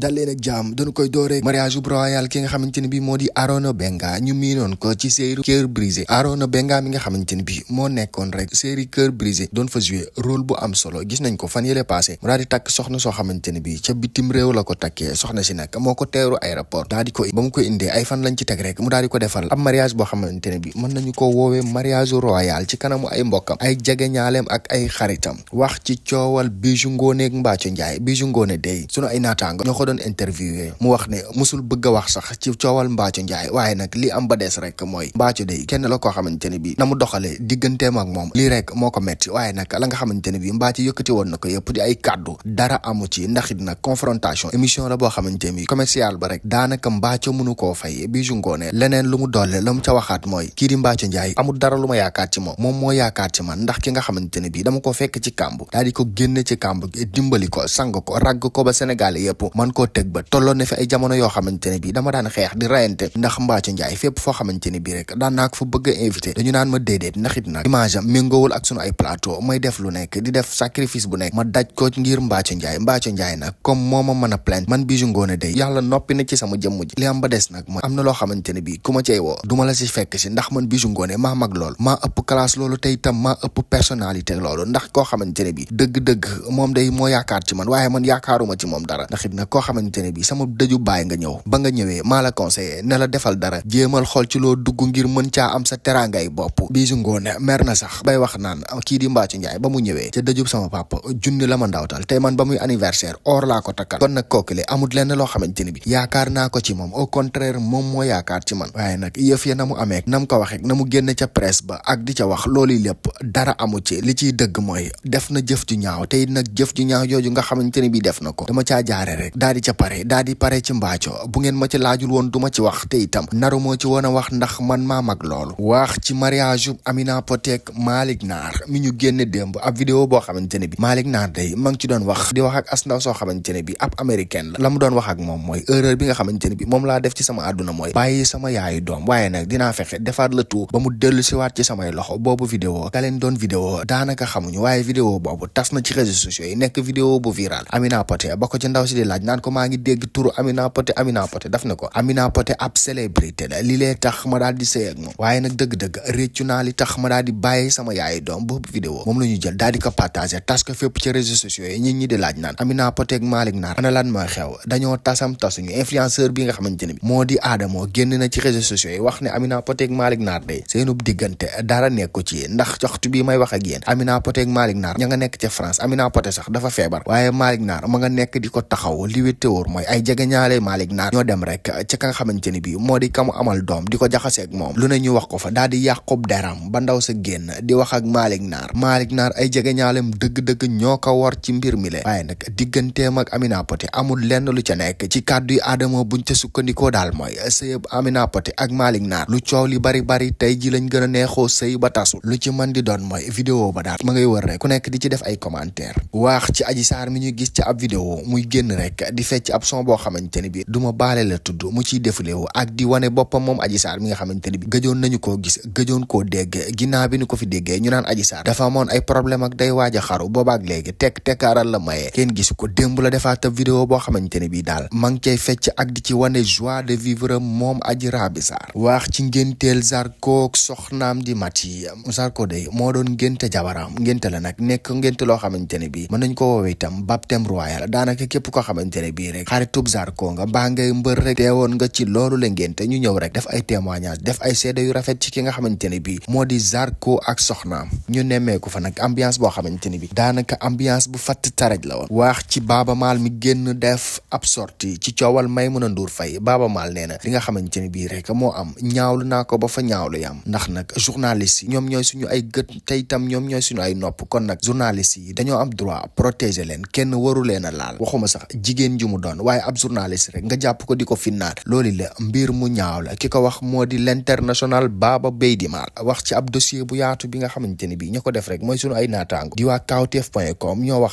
dal leen ak jàmm dañu koy dooree mariage bu royal ki nga xamante ne bi moo di Arona Benga ñu miinoon ko ci série Cœur brisé Arona Benga mi nga xamante ne bi moo nekkoon rek série Cœur doon fa jouer bu am solo gis nañ ko fan yële passé mu daal di takk soxna soo xamante ne bi ca bitim réew la ko takkee soxna si nag moo ko teeru aéroport daal di ko ba mu indee ay fan lañ ci teg rek mu di ko defal ab mariage boo xamante ne bi mën nañu ko woowee mariage royal ci kanamu ay mbokkam ay jegeñaaleem ak ay xaritam wax ci coowal Bijou Ngoné ak Mbathio Ndiaye Bijou Ngoné day sunu ay naataango doon interviewé mu wax ne musul bëgg a wax sax ci coowal Mbathio Ndiaye waaye nag li am ba des rek mooy Mbathio day kenn la koo xamante ne bi na mu doxale digganteem ak moom lii rek moo ko metti waaye nag la nga xamante ne bi Mbathio yëkkati woon na ko yëpp di ay kàddu dara amu ci ndax it la boo xamante ne bi commercial ba rek daanaka Mbathio mënu koo fay bi ju ngoone mu dolle la mu ca waxaat mooy kii di Mbathio Ndiaye amul dara lu ma yaakaar ci moom moom moo yaakaar ci man ndax ki nga xamante ne bi dama ko fekk ci kàmb daal di ko génne ci kàmb dimbali ko sang ko rag ko ba Sénégal yëpp koo teg ba tolloon na fi ay jamono yoo xamante ne bii dama daan xeex di rayante ndax Mbathio Ndiaye fépp foo xamante ne bii rek daan naa ko fa bëgg a invité dañu naan ma déedéet ndax it nag image am méngoowul ak sunu ay plateau may def lu nekk di def sacrifice bu nekk ma daj ko ngir Mbathio Ndiaye Mbathio Ndiaye nag comme moo ma mën a plainte man Bijou Ngoné Dey yàlla noppi na ci sama jëmm ji li am ba des nag mooy am na loo xamante ne bii ku ma cey woo du ma la si fekk si ndax man Bijou Ngoné maa mag loolu maa ëpp classe loolu te itam maa ëpp personnalité loolu ndax koo xamante ne bii dëgg-dëgg moom day moo yaakaar ci man waaye man yaakaaruma ci moom dara ndax it nag xamante ne bi sama dëju baay nga ñëw ba nga ñëwee maa la conseillé ne la defal dara jéemal xool ci loo dugg ngir mën caa am sa teraangay bopp Bijou Ngoné mer na sax bay wax naan kii di Mbathio ba mu ñëwee ca dëjub sama papa junni la ma ndawtal tey man ba muy anniversaire or laa ko takkal kon nag kookile amut lenn loo xamante ne bi yaakaar naa ko ci moom au contraire moom moo yaakaar ci man waaye nag yëf ya na mu amee na mu ko waxee na mu génn ca presse ba ak di ca wax ci li ciy dëgg mooy def na jëf ju ñaaw tey nag jëf ju ñaaw jooju nga di ca pare daa di pare ci mbaaco bu ma ci laajul woon duma ci wax te itam naru ci wax ndax man maa mag loolu wax ci mariage Amina Potek Malick Naar mi ñu ne bi Malick Naar day ma ngi ci doon wax di wax ak as ndaw soo xamante ne bi ab américaine la la mu doon wax ak moom mooy erreur bi nga xamante ne bi moom laa def ci sama àdduna mooy bàyyi sama yaayu doom waaye nag dinaa fexe defaat la tout ba mu dellu siwaat ci samay loxo boobu vidéo ka leen doon vidéo daanaka xamuñu waaye vidéo boobu tas na ci réseaux sociaux yi ko maa ngi dégg turu Amina Poté Amina Poté daf ne ko Amina Poté ab célébrité la li lee tax ma daal di sëy ak waaye nag dëgg-dëgg réccu naa li tax ma daal di bàyyi sama yaayi doom bo vidéo moom la ñu jël daal di ko partagé tas ko fépp ci réseaux sociaux yi ñit ñi di laaj naan Amina Poté ak Malick Nar ana lan mooy xew dañoo tasam tasuñu influenceur bi nga xamante ne bi moo di Adamo génn na ci réseaux sociaux yi wax ne Amina Poté ak Malick Nar dara nekku ci ndax joxtu bi may wax ak yéen Amina Poté ak Malick ña nga nekk ca France Amina Poté sax dafa feebar waaye Malick Nar ma nga nekk di ko taxaw liwit téwóor mooy ay jege ñaale Malick Naar ñoo dem rek ca ka nga xamante ni bi moo di kamu amal doom di ko jaxaseeg moom lu ne ñu wax ko fa daal di yàqub deram ba ndaw sa génn di wax ak Malick Naar Malick Naar ay jege ñaalem dëgg-dëgg ñoo ko war ci mbir mi le waaye nag digganteem ak Amina Poté amul lenn lu ca nekk ci kàddu yi Adama buñ ca sukkandikoo daal mooy sëyëb Amina Poté ak Malick Naar lu coow li bari bari tey ji lañ gën a neexoo sëy ba tasu lu ci mën di doon mooy vidéo ba daal ma ngay wër rek ku nekk di ci def ay commentaire wax ci Adji mi ñu gis ci ab vidéo muy génn rek di fecc ab son boo xamante ni bi du ma baale la tudd mu ciy défilé wu ak di wane boppam moom Adji Sarr mi nga xamante bi gëjoon nañu koo gis ñu ko fi déggee ñu naan Adji Sarr dafa amoon ay problème ak day waaj a xaru boobaak léegi tekk tekkaaral la mayee kenn gisu ko démb la defaat ab vidéo boo xamante ni bi daal ma ngi cay fecc ak di ci wane joie de vivre moom Adji Rabi Sarr waax ci ngénteel Zarko soxnaam di mat yi Zarko day moo doon ngénte jabaram ngénte la nag nekk ngénte loo xamante ne bi mën nañ ko woowee itam jotaay bii rek xaritub Zarko nga mbaa ngay mbër rek teewoon nga ci loolu la ngeen te ñu ñëw rek def ay témoignage def ay seede yu rafet ci ki nga xamante ne moo di Zarko ak soxnaam ñu nemmeeku fa nag ambiance boo xamante ni bi daanaka ambiance bu fatt taraj la woon waax ci Baaba Maal mi génn def ab sortie ci coowal Maimouna Ndour Faye Baaba Maal nee na li nga xamante ne bii rek moo am ñaawlu naa ko ba fa ñaawlu yam ndax nag journaliste yi ñoom ñooy suñu ay gët tey tam ñoom ñooy suñu ay nopp kon nag journaliste yi dañoo am droit protéger leen kenn waru leen a laal waxuma sax jigéen ji mu nga jàpp ko moo di l'international Baba Beydimar wax ci ab dossier bu yaatu bi nga xamante ne bii ña ko def rek mooy sunu ay naataango di ñoo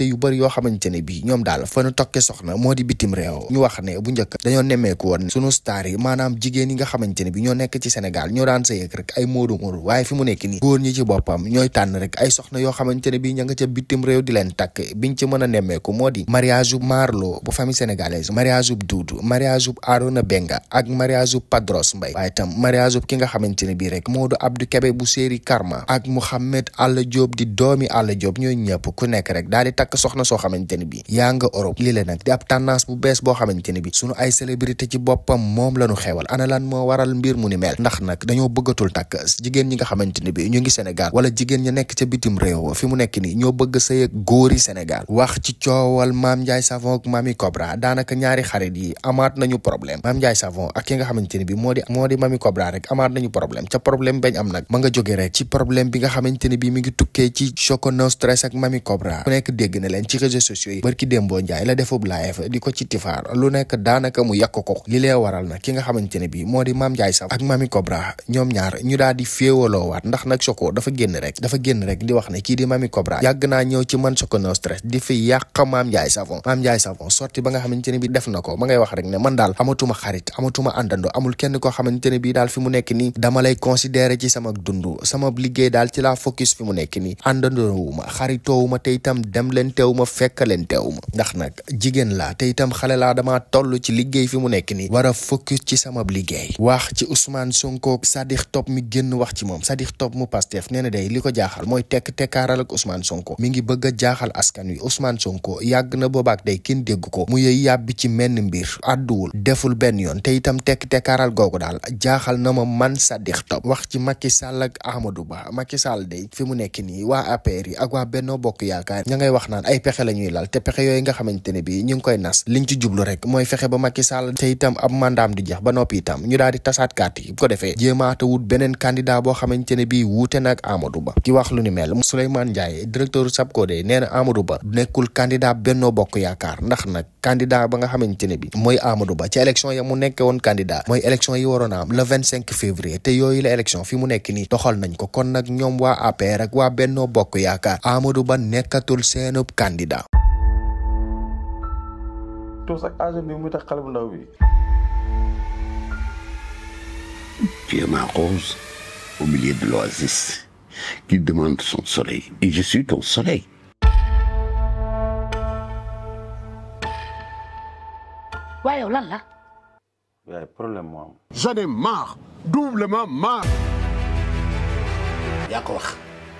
yu bëri yoo xamante ne bii ñoom daal fa nu tokke soxna moo di bitim ne bu njëkk dañoo nemmeeku woon sunu star yi maanaam jigéen yi nga xamante ne bi ñoo nekk ci Sénégal ñoo daan sëyeeg rek ay moodu moodu waaye fi mu nekk nii góor ñi ci boppam ñooy tànn rek ay soxna yoo xamante ne bi ña nga ca bitim réew di leen takk biñ ci mën a nemmeeku moo di Marlo bu famille sénégalaise mariage ub Duudu mariage Arona Benga ak mariage ub Padros Mbaye waaye tam mariage ub ki nga xamante ne bii rek Modou Abdou Kebe bu séeri Karma ak Mouhamed Alla Diop di doomi Alla Diop ñooy ñëpp ku nekk rek daal di takk soxna soo xamante ne bii yaa nga Europe lii nag di ab tendance bu bees boo xamante ne bii sunu ay célébrité ci boppam moom la ñu xewal ana lan moo waral mbir mu ni mel ndax nag dañoo bëggatul takk jigéen ñi nga xamante ne bii ñu ngi Sénégal wala jigéen ñi nekk ca bitim fi mu nekk nii ñoo bëgg sëy ak góori Sénégal Savon ak Mamy Cobra daanaka ñaari xarit yi moo di moo di Mamy Cobra amaat nañu problème problème bañ am nag ak Mamy Cobra ku bi moo di Mame Savon ak Mamy Cobra ñoom ñaar ñu daal di féewaloowaat ndax nag Choco dafa génn rek dafa génn rek di wax ne kii di Cobra yàgg naa ñëw ci man Choco no stress di fi yàq Mame Ndiaye Savon jaay savon sorti ba nga xamante ne bi def na ko ma ngay wax rek ne man daal amatuma xarit amatuma àndandoo amul kenn koo xamante ne bi daal fi mu nekk nii dama lay considérer ci sama dund sama liggéey daal ci laa focus fi mu nekk nii àndandoowuma xaritoowuma te itam dem leen teew ma fekk leen teew ndax nag jigéen laa te itam xale laa damaa toll ci liggéey fi mu nekk ni war a focus ci sama liggéey wax ci Ousmane Sonko Sadikh Top mi génn wax ci moom Sadikh Top mu Pastef nee na day li ko jaaxal mooy tekk tekkaaral ak Ousmane Sonko mi ngi bëgg a jaaxal askan wi Ousmane Sonko yàgg kin dégg ko mu yëy yàbbi ci menn mbir adduwul deful benn yoon te itam tekk-tekkaaral googu daal jaaxal na ma man Sadikh Top wax ci Macky Sall ak Ba Macky Sall day fi mu nekk nii waa APR yi ak waa Benno Bokk Yaakaar ña ngay wax naan ay pexe la ñuy lal te pexe yooyu nga xamante ne bii ñu ngi koy nas liñ ci jublu mooy fexe ba Macky Sall te itam ab mandaam di jeex ba noppi itam ñu daal di tasaat carte yi bu ko defee jéemaata wut beneen candidat boo xamante ne bii wuute nag Amadou Ba ki wax lu ni mel Souleymane Ndiaye directeur SAPCO nee na Amadou Ba nekkul candidat Benno Bokk Yaakaar ndax nag candidat ba nga xamante ne bi mooy Amadou Ba ci élection ya mu nekk woon candidat mooy élection yi waroon a am le vingt cinq février te yooyu la élection fi mu nekk nii doxal nañ ko kon nag ñoom waa APR ak waa Bennoo Bokk Yaakaar Amadou Ba nekkatul seenub candidat tuus ak agent bi yow lan la. yaay problème moo am. j'en ai marre doublement marre. yaa ko wax.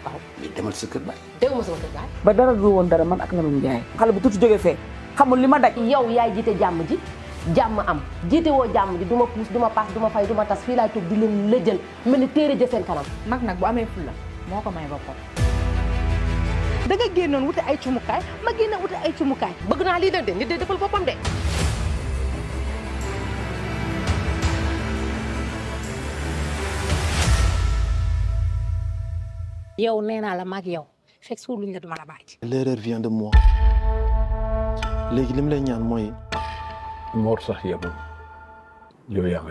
waaw mais demal sa kër baay. dégg ma sama kër baay. ba dara du woon dara man ak na ma njaay. xale bu tuuti jógee fee xamul li ma daj. yow yaay jiite jàmm ji. jàmm am jiite woo jàmm ji du ma puus du ma paas du fay du tas fii laay toog di leen lëjël mel ni téere ja seen kanam. mag nag bu amee fulla moo ko may boppam. da nga génnoon wuti ay cumukaay ma génne wuti ay cumukaay. bëgg naa lii de de yow nee naa la maag yow fekk suuluñ la duma la bàyyi. l'erreur vient de moi léegi li mu ñaan mooy. Mor sax yemul yow yaa nga